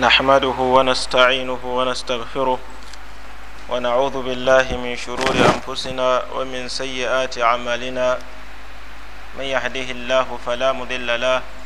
نحمده ونستعينه ونستغفره ونعوذ بالله من شرور أنفسنا ومن سيئات أعمالنا من يهده الله فلا مذل له